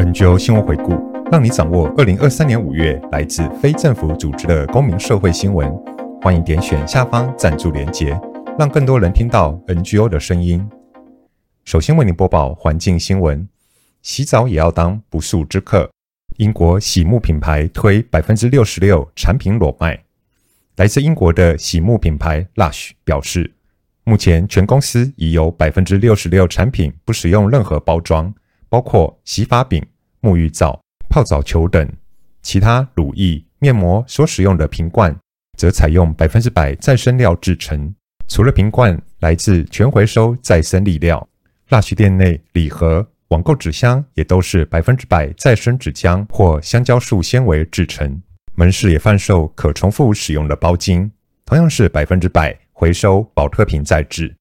NGO 新聞回顧，讓你掌握二零二三年五月來自非政府組織的公民社會新聞。歡迎點選下方贊助鏈接，讓更多人聽到 NGO 的聲音。首先為您播報環境新聞：洗澡也要當不塑之客。英國洗沐品牌推百分之六十六產品裸賣。來自英國的洗沐品牌 Lush 表示，目前全公司已有百分之六十六產品不使用任何包裝。包括洗髮餅、沐浴皂、泡澡球等，其他乳液面膜，所使用的瓶罐，則採用百分之百再生料製成。除了瓶罐來自全回收再生粒料，Lush 店內禮盒、網購紙箱也都是百分之百再生紙漿或香蕉樹纖維製成。門市也販售可重複使用的包巾，同樣是百分之百回收保特瓶再製。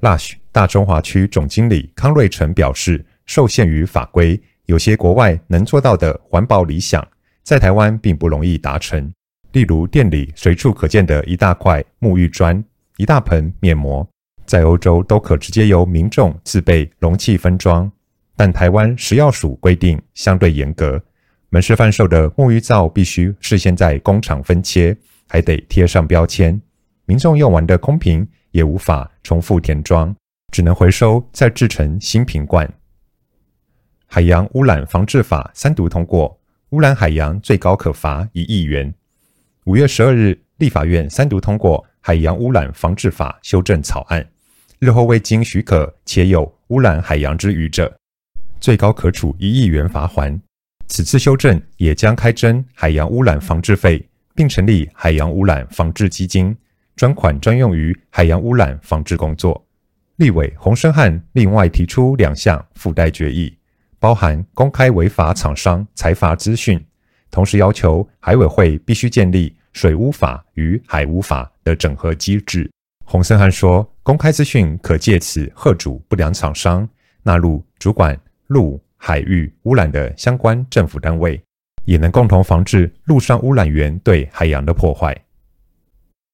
Lush 大中華區總經理康瑞成表示。受限於法規，有些國外能做到的環保理想，在台灣並不容易達成。例如店裡隨處可見的一大塊沐浴磚、一大盆面膜，在歐洲都可直接由民眾自備容器分裝，但台灣食藥署規定相對嚴格，門市販售的沐浴皂必須事先在工廠分切，還得貼上標籤。民眾用完的空瓶也無法重複填裝，只能回收再制成新瓶罐。海洋污染防治法三讀通過，污染海洋最高可罰一億元。五月十二日，立法院三讀通過海洋污染防治法修正草案，日後未經許可且有污染海洋之虞者，最高可處一億元罰鍰。此次修正也將開徵海洋污染防治費，並成立海洋污染防治基金，專款專用於海洋污染防治工作。立委洪申翰另外提出兩項附帶決議。包含公開違法廠商、裁罰資訊，同時要求海委會必須建立水污法與海污法的整合機制。洪森漢說，公開資訊可借此嚇阻不良廠商，納入主管陸,陸海域污染的相關政府單位，也能共同防治陸上污染源對海洋的破壞。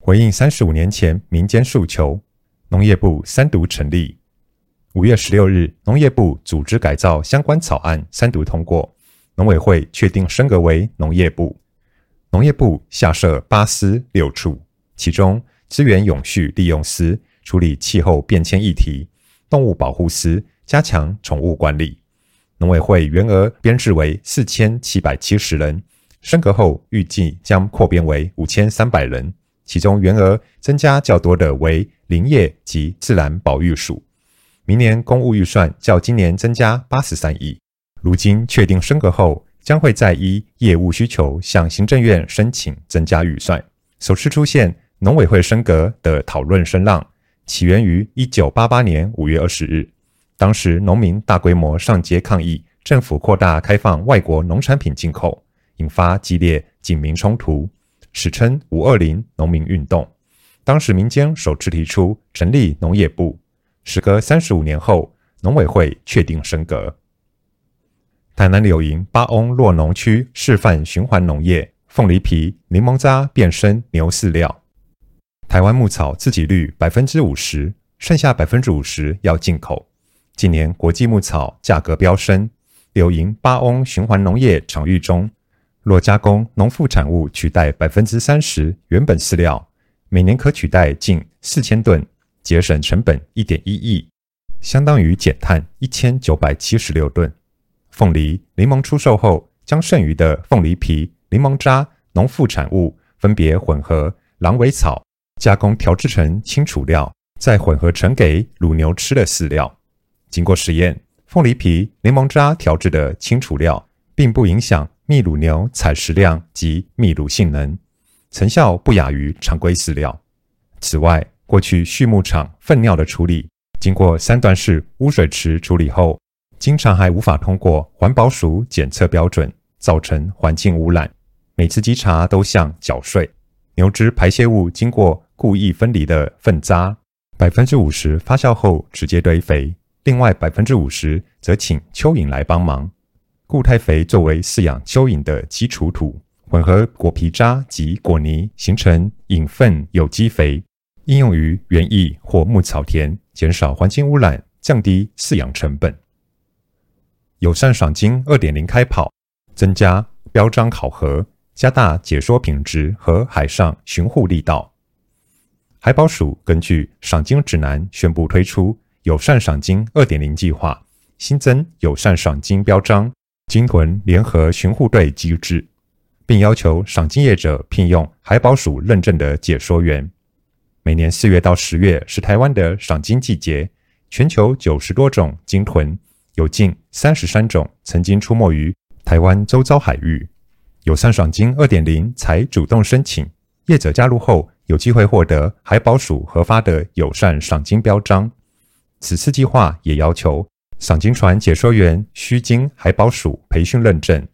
回應三十五年前民間訴求，農業部三讀成立。五月十六日，農業部組織改造相關草案三讀通過，農委會確定升格為農業部。農業部下設八司六處，其中資源永續利用司處理氣候變遷議題，動物保護司加強寵物管理。農委會員額編制為四千七百七十人，升格後預計將擴編為五千三百人，其中員額增加較多的為林業及自然保育署。明年公務預算較今年增加八十三億。如今確定升格後，將會再依業務需求向行政院申請增加預算。首次出現農委會升格的討論聲浪，起源於一九八八年五月二十日，當時農民大規模上街抗議政府擴大開放外國農產品進口，引發激烈警民衝突，史稱“五二零農民運動”。當時民間首次提出成立農業部。時隔三十五年後，農委會確定升格。台南柳營八翁酪農區示範循環農業，鳳梨皮、檸檬渣變身牛飼料。台灣牧草自給率百分之五十，剩下百分之五十要進口。近年國際牧草價格飆升，柳營八翁循環農業場域中，若加工農副產物取代百分之三十原本飼料，每年可取代近四千噸。節省成本一點一億，相當於減碳一千九百七十六噸。鳳梨、檸檬出售後，將剩餘的鳳梨皮、檸檬渣、農副產物分別混合狼尾草，加工調制成青貯料，再混合成給乳牛吃的飼料。經過實驗，鳳梨皮、檸檬渣調制的青貯料，並不影響泌乳牛採食量及泌乳性能，成效不亞於常規飼料。此外，過去畜牧場糞尿的處理，經過三段式污水池處理後，經常還無法通過環保署檢測標準，造成環境污染。每次稽查都像繳稅。牛隻排泄物經過故意分離的糞渣，百分之五十發酵後直接堆肥，另外百分之五十則請蚯蚓來幫忙。固態肥作為飼養蚯蚓的基礎土，混合果皮渣及果泥，形成蚓糞有機肥。應用於園藝或牧草田，減少環境污染，降低飼養成本。友善賞鯨2.0開跑，增加標章考核，加大解說品質和海上巡護力道。海保署根據賞鯨指南宣布推出友善賞鯨2.0計劃，新增友善賞鯨標章、鯨豚聯合巡護隊機制，並要求賞鯨業者聘用海保署認證的解說員。每年四月到十月是台灣的賞鯨季節，全球九十多種鯨豚，有近三十三種曾經出沒於台灣周遭海域。友善賞鯨二點零才主動申請業者加入後，有機會獲得海保署核發的友善賞鯨標章。此次計劃也要求賞鯨船解說員需經海保署培訓認證，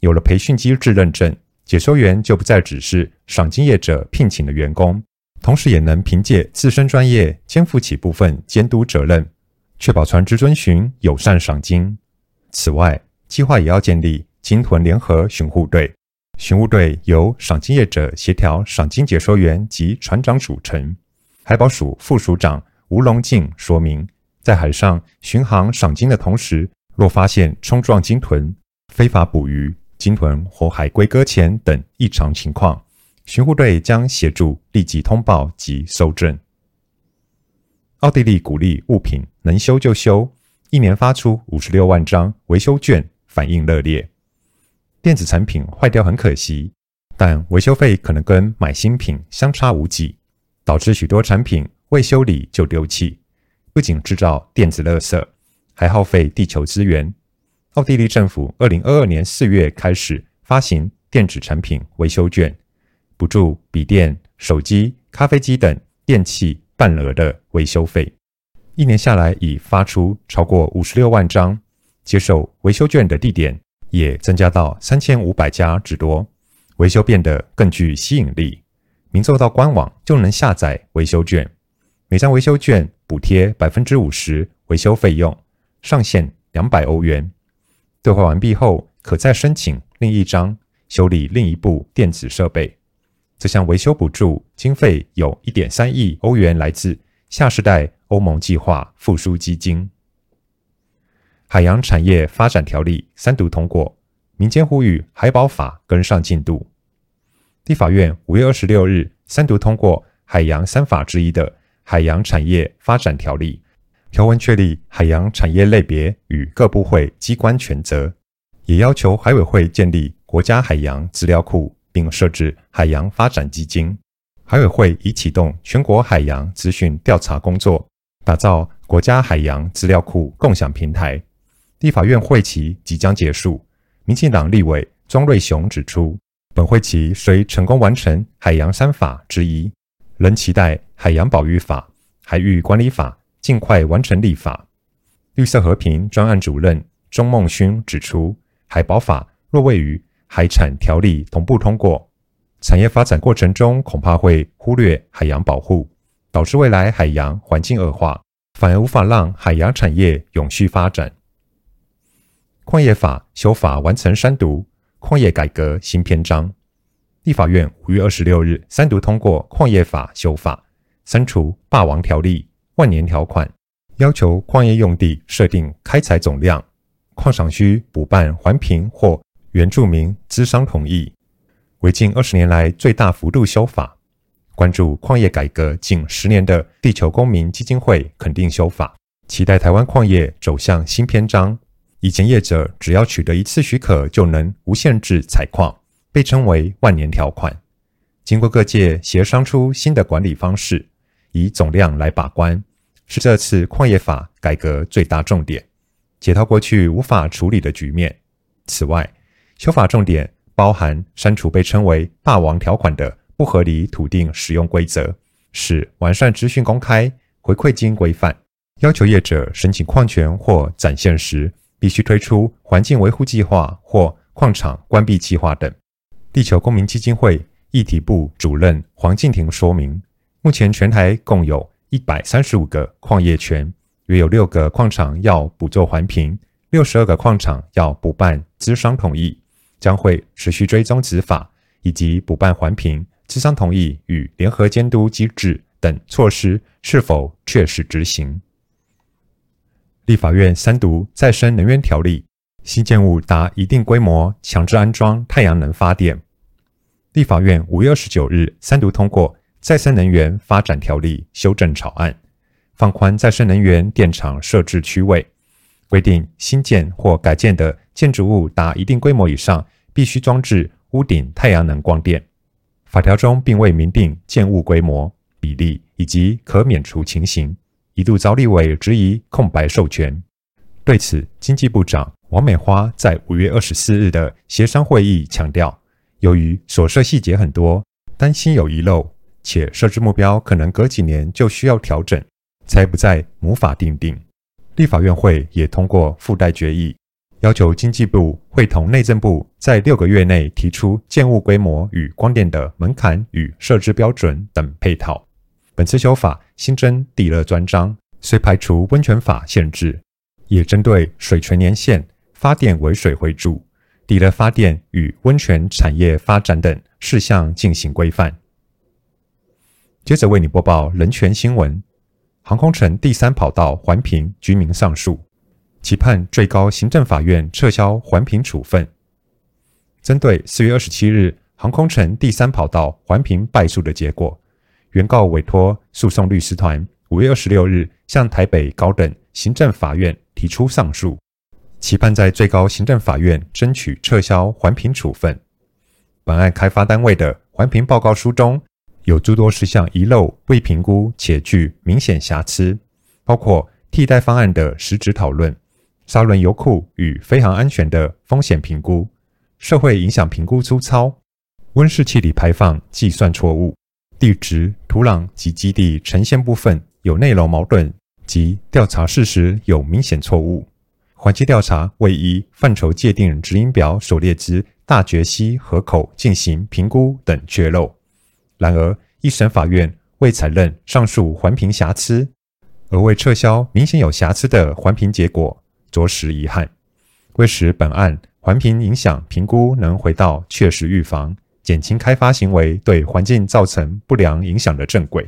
有了培訓機制認證，解說員就不再只是賞鯨業者聘請的員工。同時，也能憑借自身專業肩負起部分監督責任，確保船隻遵循友善賞鯨。此外，計劃也要建立鯨豚聯合巡護隊，巡護隊由賞鯨業者協調、賞鯨解說員及船長組成。海保署副署長吳龍靜說明，在海上巡航賞鯨的同時，若發現衝撞鯨豚、非法捕魚、鯨豚或海龜擱淺等異常情況，巡護隊將協助立即通報及搜證。奧地利鼓勵物品能修就修，一年發出五十六萬張維修券反應熱烈。電子產品壞掉很可惜，但維修費可能跟買新品相差無幾，導致許多產品未修理就丟棄，不僅制造電子垃圾，還耗費地球資源。奧地利政府二零二二年四月開始發行電子產品維修券。補助筆電、手機、咖啡機等電器半額的維修費，一年下來已發出超過五十六萬張，接受維修券的地點也增加到三千五百家之多，維修變得更具吸引力。民眾到官網就能下載維修券，每張維修券補貼百分之五十維修費用，上限兩百歐元。兌換完畢後，可再申請另一張，修理另一部電子設備。這項維修補助經費有1.3億歐元，來自下世代歐盟計劃復甦基金。海洋產業發展條例三讀通過，民間呼籲海保法跟上進度。立法院五月二十六日三讀通過海洋三法之一的海洋產業發展條例，條文確立海洋產業類別與各部會機關權責，也要求海委會建立國家海洋資料庫。並設置海洋發展基金，海委會已啟動全國海洋資訊調查工作，打造國家海洋資料庫共享平台。立法院會期即將結束，民進黨立委莊瑞雄指出，本會期雖成功完成海洋三法之一，仍期待海洋保育法、海域管理法盡快完成立法。綠色和平專案主任鍾孟勳指出，海保法若未於海產條例同步通過，產業發展過程中恐怕會忽略海洋保護，導致未來海洋環境惡化，反而無法讓海洋產業永續發展。礦業法修法完成三讀，礦業改革新篇章。立法院五月二十六日三讀通過礦業法修法，刪除霸王條例、萬年條款，要求礦業用地設定開採總量，礦場需補辦環評或原住民諮商同意，為近二十年來最大幅度修法，關注礦業改革近十年的地球公民基金會肯定修法，期待台灣礦業走向新篇章。以前業者只要取得一次許可就能無限制採礦，被稱為萬年條款。經過各界協商出新的管理方式，以總量來把關，是這次礦業法改革最大重點，解套過去無法處理的局面。此外，修法重點包含刪除被稱為“霸王條款”的不合理土地使用規則，使完善資訊公開、回饋金規範，要求業者申請礦權或展限時，必須推出環境維護計劃或礦場關閉計劃等。地球公民基金會議題部主任黃靜婷說明，目前全台共有一百三十五個礦業權，約有六個礦場要補做環評，六十二個礦場要補辦資商同意。將會持續追蹤執法，以及補辦環評、諮商同意與聯合監督機制等措施是否確實執行。立法院三讀再生能源條例，新建物達一定規模強制安裝太陽能發電。立法院五月二十九日三讀通過再生能源發展條例修正草案，放寬再生能源電廠設置區位。規定新建或改建的建築物達一定規模以上，必須裝置屋頂太陽能光電。法條中並未明定建物規模、比例以及可免除情形，一度遭立委質疑空白授權。對此，經濟部長王美花在五月二十四日的協商會議強調，由於所涉細節很多，擔心有遺漏，且設置目標可能隔幾年就需要調整，才不在母法訂定。立法院會也通過附帶決議，要求經濟部會同內政部在六個月內提出建物規模與光電的門檻與設置標準等配套。本次修法新增地熱專章，雖排除溫泉法限制，也針對水權年限發電為水為主、地熱發電與溫泉產業發展等事項進行規範。接着為你播報人權新聞。航空城第三跑道環評居民上訴，期盼最高行政法院撤銷環評處分。針對四月二十七日航空城第三跑道環評敗訴的結果，原告委托訴訟律師團五月二十六日向台北高等行政法院提出上訴，期盼在最高行政法院爭取撤銷環評處分。本案開發單位的環評報告書中，有諸多事項遺漏、未評估且具明顯瑕疵，包括替代方案的實質討論、沙崙油庫與飛航安全的風險評估、社會影響評估粗糙、溫室氣體排放計算錯誤、地質土壤及基地呈現部分有內容矛盾及調查事實有明顯錯誤、環境調查未依範疇界定指引表所列之大覺溪河口進行評估等缺漏。然而，一審法院未承認上述環評瑕疵，而未撤銷明顯有瑕疵的環評結果，着實遺憾。為使本案環評影響評估能回到確實預防、減輕開發行為對環境造成不良影響的正軌，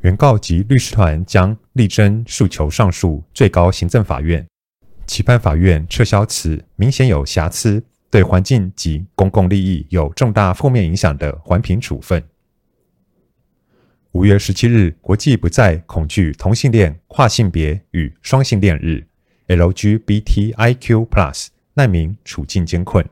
原告及律師團將力爭訴求上訴最高行政法院，期盼法院撤銷此明顯有瑕疵、對環境及公共利益有重大負面影響的環評處分。五月十七日，國際不再恐懼同性戀、跨性別與雙性戀日 （LGBTIQ+） 難民處境艱困。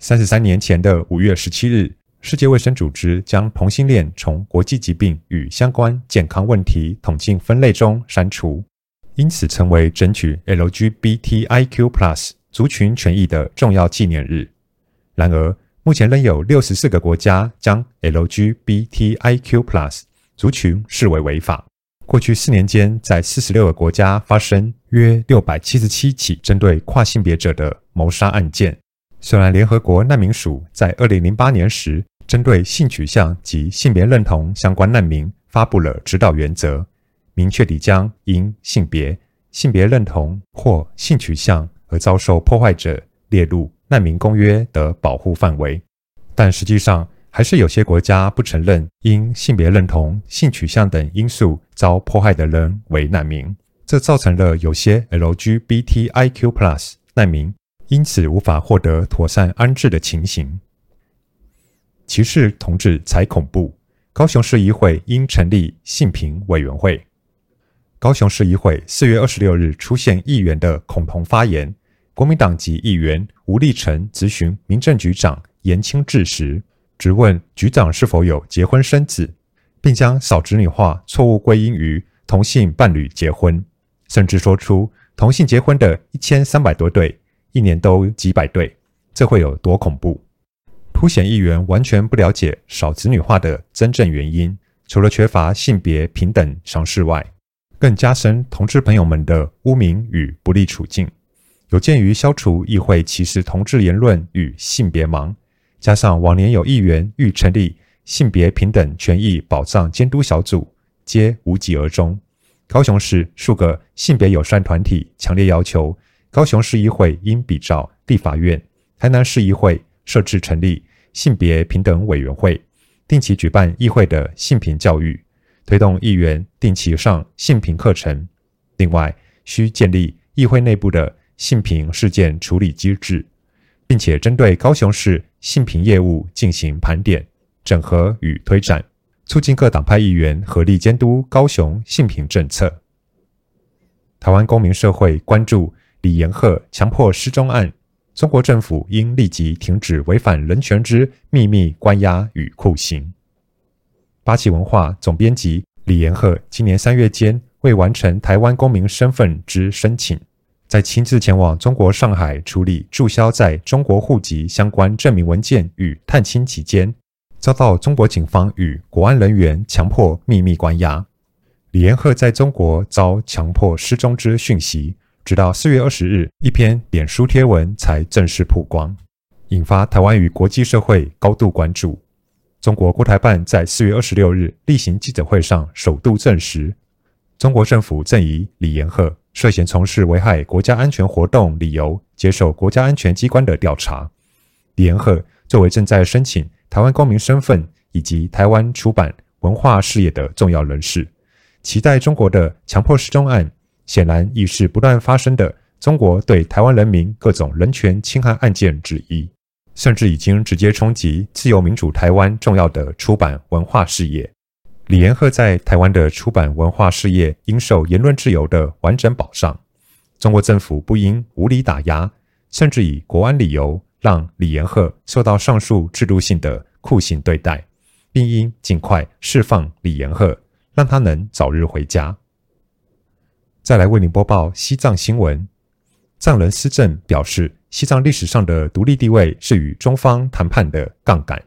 三十三年前的五月十七日，世界衛生組織將同性戀從國際疾病與相關健康問題統計分類中刪除，因此成為爭取 LGBTIQ+ 族群權益的重要紀念日。然而，目前仍有六十四個國家將 LGBTIQ+ 族群視為違法。過去四年間，在四十六個國家發生約六百七十七起針對跨性別者的謀殺案件。雖然聯合國難民署在二零零八年時針對性取向及性別認同相關難民發布了指導原則，明確地將因性別、性別認同或性取向而遭受破壞者列入，難民公約的保護範圍，但實際上還是有些國家不承認因性別認同、性取向等因素遭迫害的人為難民，這造成了有些 LGBTIQ+ Plus 難民因此無法獲得妥善安置的情形。歧視同志才恐怖！高雄市議會應成立性平委員會。高雄市議會四月二十六日出現議員的恐同發言。國民黨籍議員吳立成諮詢民政局長嚴清志時，直問局長是否有結婚生子，並將少子女化錯誤歸因於同性伴侶結婚，甚至說出同性結婚的一千三百多對，一年都幾百對，這會有多恐怖？凸顯議員完全不了解少子女化的真正原因，除了缺乏性別平等常識外，更加深同志朋友們的污名與不利處境。有鑑於消除議會歧視同志言論與性別盲，加上往年有議員欲成立性別平等權益保障監督小組，皆無疾而終。高雄市數個性別友善團體強烈要求高雄市議會應比照立法院、台南市議會設置成立性別平等委員會，定期舉辦議會的性平教育，推動議員定期上性平課程。另外，需建立議會內部的性平事件處理機制，並且針對高雄市性平業務進行盤點、整合與推展，促進各黨派議員合力監督高雄性平政策。台灣公民社會關注李延賀強迫失蹤案，中國政府應立即停止違反人權之秘密關押與酷刑。八旗文化總編輯李延賀今年三月間未完成台灣公民身份之申請。在親自前往中國上海處理註銷在中國戶籍相關證明文件與探親期間，遭到中國警方與國安人員強迫祕密關押。李延賀在中國遭強迫失蹤之訊息，直到四月二十日一篇臉書貼文才正式曝光，引發台灣與國際社會高度關注。中國國台辦在四月二十六日例行記者會上首度證實，中國政府正疑李延賀，涉嫌從事危害國家安全活動理由，接受國家安全機關的調查。李延賀作為正在申請台灣公民身份以及台灣出版文化事業的重要人士，期待中國的強迫失蹤案顯然亦是不斷發生的中國對台灣人民各種人權侵害案件之一，甚至已經直接衝擊自由民主台灣重要的出版文化事業。李延賀在台灣的出版文化事業應受言論自由的完整保障，中國政府不應無理打壓，甚至以國安理由讓李延賀受到上述制度性的酷刑對待，並應盡快釋放李延賀，讓他能早日回家。再來為您播報西藏新聞，藏人司政表示，西藏歷史上的獨立地位是與中方談判的槓桿，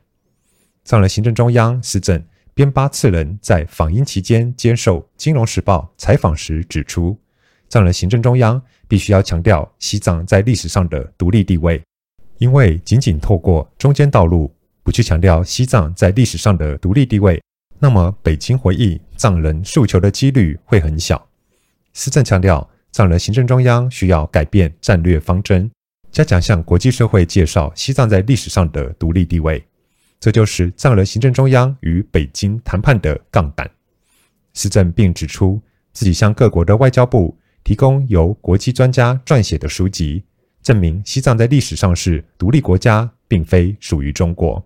藏人行政中央司政。邊巴次仁在訪英期間接受《金融時報》採訪時指出，藏人行政中央必須要強調西藏在歷史上的獨立地位，因為僅僅透過中間道路不去強調西藏在歷史上的獨立地位，那麼北京回應藏人訴求的幾率會很小。司政強調，藏人行政中央需要改變戰略方針，加強向國際社會介紹西藏在歷史上的獨立地位。這就是藏人行政中央與北京談判的槓桿。司政並指出，自己向各國的外交部提供由國際專家撰寫的書籍，證明西藏在歷史上是獨立國家，並非屬於中國。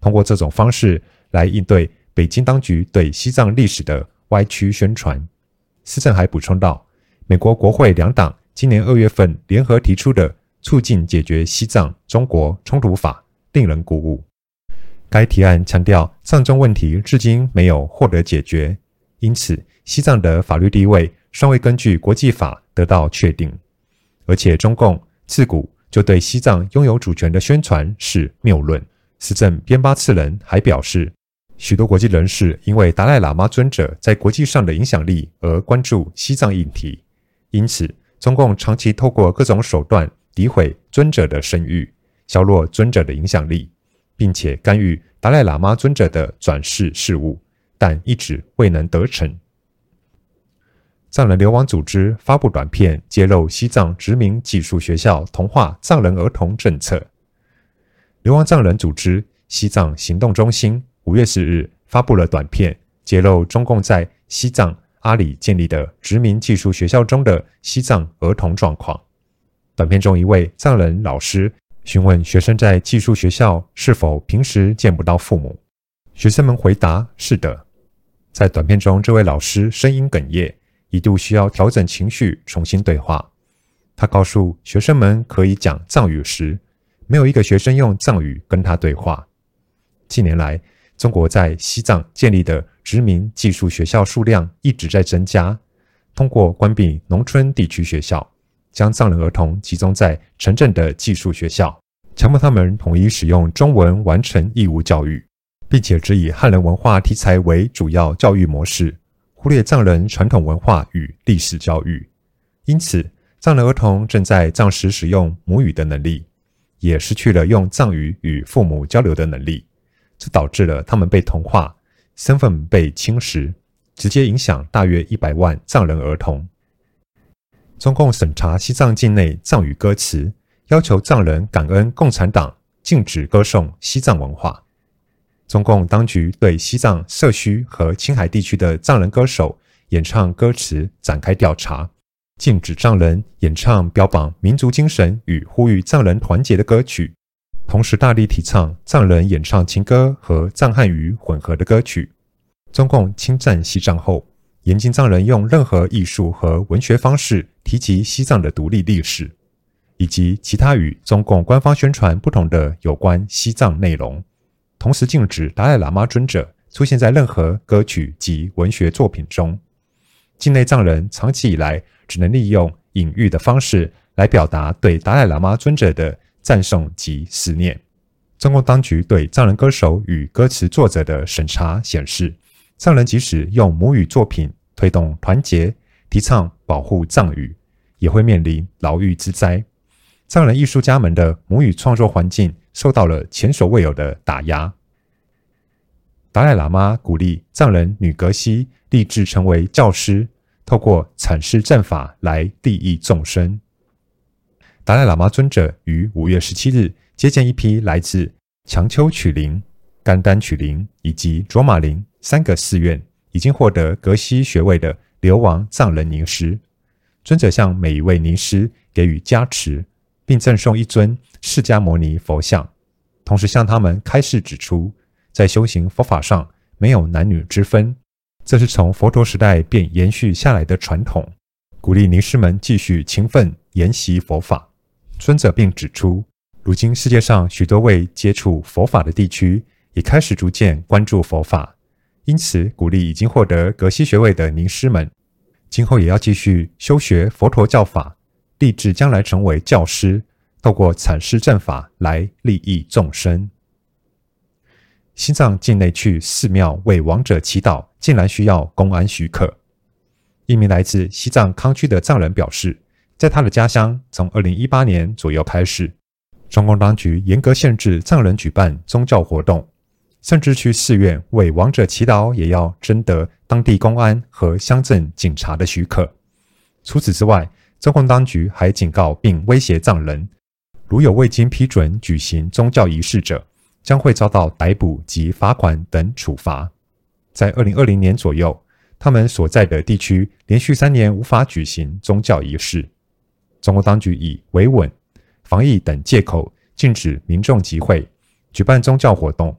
通過這種方式來應對北京當局對西藏歷史的歪曲宣傳。司政還補充道，美國國會兩黨今年二月份聯合提出的促進解決西藏中國衝突法，令人鼓舞。該提案強調，藏中問題至今沒有獲得解決，因此西藏的法律地位尚未根據國際法得到確定。而且，中共自古就對西藏擁有主權的宣傳是謬論。司政邊巴次仁還表示，許多國際人士因為達賴喇嘛尊者在國際上的影響力而關注西藏議題，因此中共長期透過各種手段詆毀尊者的聲譽，削弱尊者的影響力，並且干預達賴喇嘛尊者的轉世事務，但一直未能得逞。藏人流亡組織發布短片，揭露西藏殖民寄宿學校同化藏人兒童政策。流亡藏人組織西藏行動中心五月四日發布了短片，揭露中共在西藏阿里建立的殖民寄宿學校中的西藏兒童狀況。短片中，一位藏人老師，詢問學生在寄宿學校是否平時見不到父母，學生們回答是的。在短片中，這位老師聲音哽咽，一度需要調整情緒，重新對話。他告訴學生們可以講藏語時，沒有一個學生用藏語跟他對話。近年來，中國在西藏建立的殖民寄宿學校數量一直在增加，通過關閉農村地區學校，將藏人兒童集中在城鎮的寄宿學校，強迫他們統一使用中文完成義務教育，並且只以漢人文化題材為主要教育模式，忽略藏人傳統文化與歷史教育。因此，藏人兒童正在喪失使用母語的能力，也失去了用藏語與父母交流的能力。這導致了他們被同化，身份被侵蝕，直接影響大約一百萬藏人兒童。中共審查西藏境內藏語歌詞，要求藏人感恩共產黨，禁止歌頌西藏文化。中共當局對西藏社區和青海地區的藏人歌手演唱歌詞展開調查，禁止藏人演唱標榜民族精神與呼籲藏人團結的歌曲，同時大力提倡藏人演唱情歌和藏漢語混合的歌曲。中共侵占西藏後。嚴禁藏人用任何藝術和文學方式提及西藏的獨立歷史，以及其他與中共官方宣傳不同的有關西藏內容。同時禁止達賴喇嘛尊者出現在任何歌曲及文學作品中。境內藏人長期以來只能利用隱喻的方式來表達對達賴喇嘛尊者的讚頌及思念。中共當局對藏人歌手與歌詞作者的審查顯示。藏人即使用母語作品推動團結、提倡保護藏語，也會面臨牢獄之災。藏人藝術家們的母語創作環境受到了前所未有的打壓。達賴喇嘛鼓勵藏人女格西立志成為教師，透過闡釋正法來利益眾生。達賴喇嘛尊者於五月十七日接見一批來自強秋曲林、甘丹曲林以及卓瑪林。三個寺院已經獲得格西學位的流亡藏人尼師。尊者向每一位尼師給予加持，並贈送一尊釋迦牟尼佛像，同時向他們開示指出，在修行佛法上沒有男女之分，這是從佛陀時代便延續下來的傳統，鼓勵尼師們繼續勤奮研習佛法。尊者並指出，如今世界上許多未接觸佛法的地區，已開始逐漸關注佛法。因此，鼓勵已經獲得格西學位的尼師們，今後也要繼續修學佛陀教法，立志將來成為教師，透過闡釋正法來利益眾生。西藏境內去寺廟為亡者祈禱，竟然需要公安許可。一名來自西藏康區的藏人表示，在他的家鄉，從2018年左右開始，中共當局嚴格限制藏人舉辦宗教活動。甚至去寺院為亡者祈禱，也要徵得當地公安和鄉鎮警察的許可。除此之外，中共當局還警告並威脅藏人，如有未經批准舉行宗教儀式者，將會遭到逮捕及罰款等處罰。在二零二零年左右，他們所在的地區連續三年無法舉行宗教儀式。中國當局以維穩、防疫等借口，禁止民眾集會、舉辦宗教活動。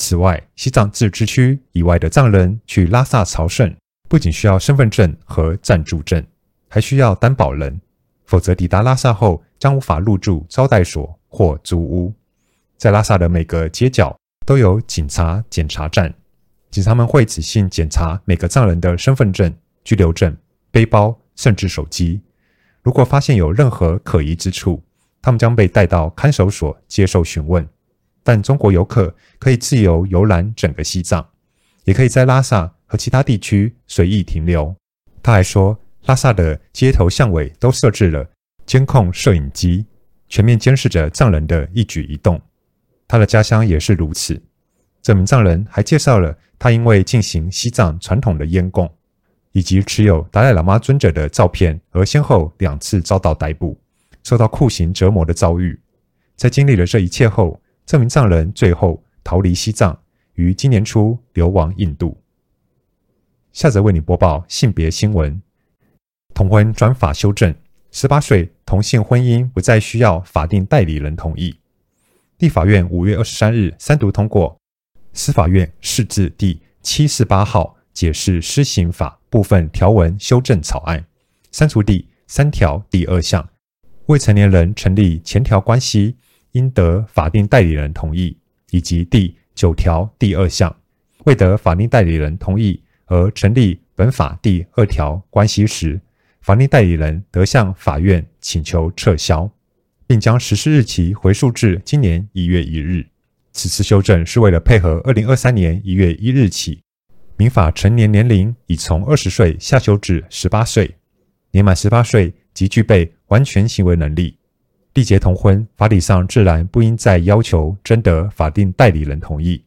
此外，西藏自治區以外的藏人去拉薩朝聖，不僅需要身份證和暫住證，還需要擔保人，否則抵達拉薩後將無法入住招待所或租屋。在拉薩的每個街角都有警察檢查站，警察們會仔細檢查每個藏人的身份證、居留證、背包，甚至手機。如果發現有任何可疑之處，他們將被帶到看守所接受詢問。但中國遊客可以自由遊覽整個西藏，也可以在拉薩和其他地區隨意停留。他還說，拉薩的街頭巷尾都設置了監控攝影機，全面監視着藏人的一舉一動。他的家鄉也是如此。這名藏人還介紹了他因為進行西藏傳統的煙供，以及持有達賴喇嘛尊者的照片而先後兩次遭到逮捕，受到酷刑折磨的遭遇。在經歷了這一切後，這名藏人最後逃離西藏，於今年初流亡印度。下則為你播報性別新聞：同婚專法修正，十八歲同性婚姻不再需要法定代理人同意。立法院五月二十三日三讀通過，司法院釋字第七四八號解釋施行法部分條文修正草案，刪除第三條第二項未成年人成立前條關係。應得法定代理人同意，以及第九條第二項，未得法定代理人同意而成立本法第二條關係時，法定代理人得向法院請求撤銷，並將實施日期回溯至今年一月一日。此次修正是為了配合二零二三年一月一日起，民法成年年齡已從二十歲下修至十八歲，年滿十八歲即具備完全行為能力。締結同婚，法理上自然不應再要求徵得法定代理人同意。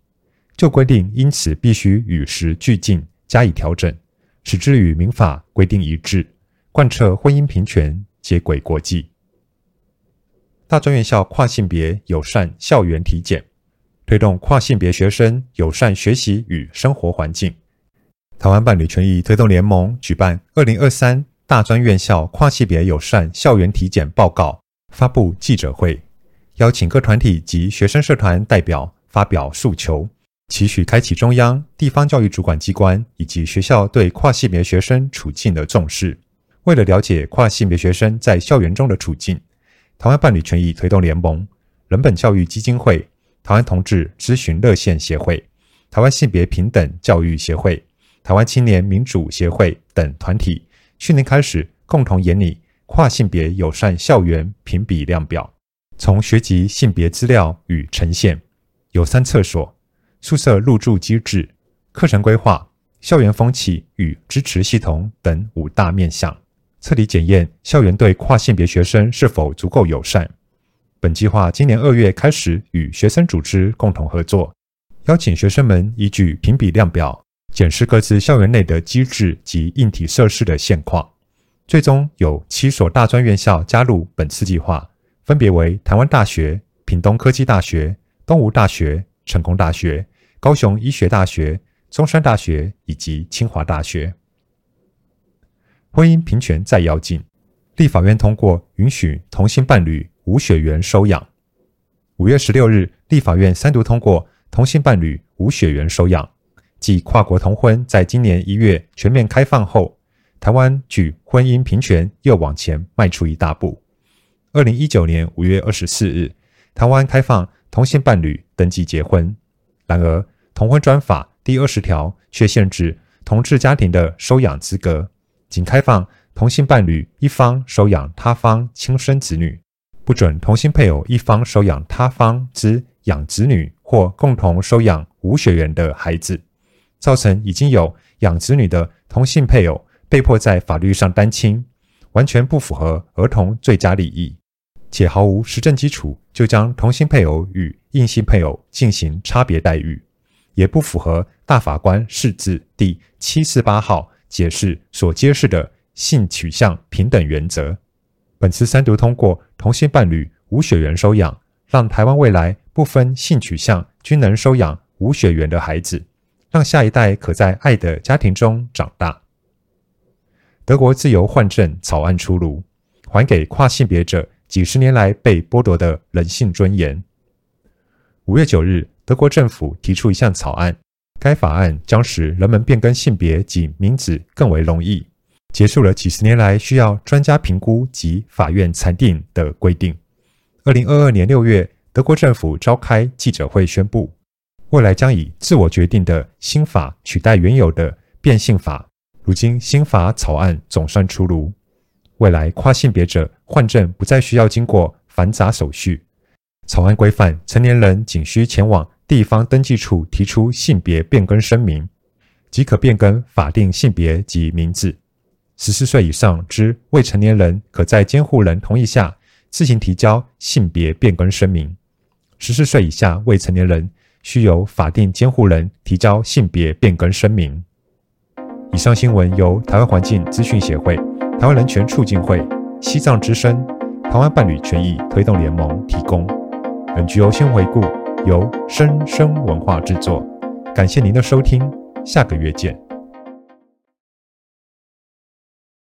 舊規定因此必須與時俱進加以調整，使之與民法規定一致，貫徹婚姻平權，接軌國際。大專院校跨性別友善校園體檢，推動跨性別學生友善學習與生活環境。台灣伴侶權益推動聯盟舉辦二零二三大專院校跨性別友善校園體檢報告。發布記者會，邀請各團體及學生社團代表發表訴求，期許開啟中央、地方教育主管機關以及學校對跨性別學生處境的重視。為了了解跨性別學生在校園中的處境，台灣伴侶權益推動聯盟、人本教育基金會、台灣同志諮詢熱線協會、台灣性別平等教育協會、台灣青年民主協會等團體，去年開始共同研擬。跨性別友善校園評比量表，從學籍性別資料與呈現、友善廁所、宿舍入住機制、課程規劃、校園風氣與支持系統等五大面向，徹底檢驗校園對跨性別學生是否足夠友善。本計劃今年二月開始與學生組織共同合作，邀請學生們依據評比量表檢視各自校園內的機制及硬體設施的現況。最終有七所大專院校加入本次計劃，分別為台灣大學、屏東科技大學、東吳大學、成功大學、高雄醫學大學、中山大學以及清華大學。婚姻平權再躍進，立法院通過允許同性伴侶無血緣收養。五月十六日，立法院三讀通過同性伴侶無血緣收養，即跨國同婚，在今年一月全面開放後。台灣舉婚姻平權又往前邁出一大步。二零一九年五月二十四日，台灣開放同性伴侶登記結婚。然而，同婚專法第二十條卻限制同志家庭的收養資格，僅開放同性伴侶一方收養他方親生子女，不准同性配偶一方收養他方之養子女或共同收養無血緣的孩子，造成已經有養子女的同性配偶，被迫在法律上單親，完全不符合兒童最佳利益，且毫無實證基礎，就將同性配偶與異性配偶進行差別待遇，也不符合大法官釋字第七四八號解釋所揭示的性取向平等原則。本次三讀通過同性伴侶無血緣收養，讓台灣未來不分性取向均能收養無血緣的孩子，讓下一代可在愛的家庭中長大。德國自由換證草案出爐，還給跨性別者幾十年來被剝奪的人性尊嚴。五月九日，德國政府提出一項草案，該法案將使人們變更性別及名字更為容易，結束了幾十年來需要專家評估及法院裁定的規定。二零二二年六月，德國政府召開記者會宣布，未來將以自我決定的新法取代原有的變性法。如今新法草案總算出爐，未來跨性別者換證不再需要經過繁雜手續。草案規範：成年人僅需前往地方登記處提出性別變更聲明，即可變更法定性別及名字。十四歲以上之未成年人可在監護人同意下自行提交性別變更聲明；十四歲以下未成年人需由法定監護人提交性別變更聲明。以上新聞由台灣環境資訊協會、台灣人權促進會、西藏之聲、台灣伴侶權益推動聯盟提供。本節目 NGO 新聞回顧，由生聲文化製作。感謝您的收聽，下個月見。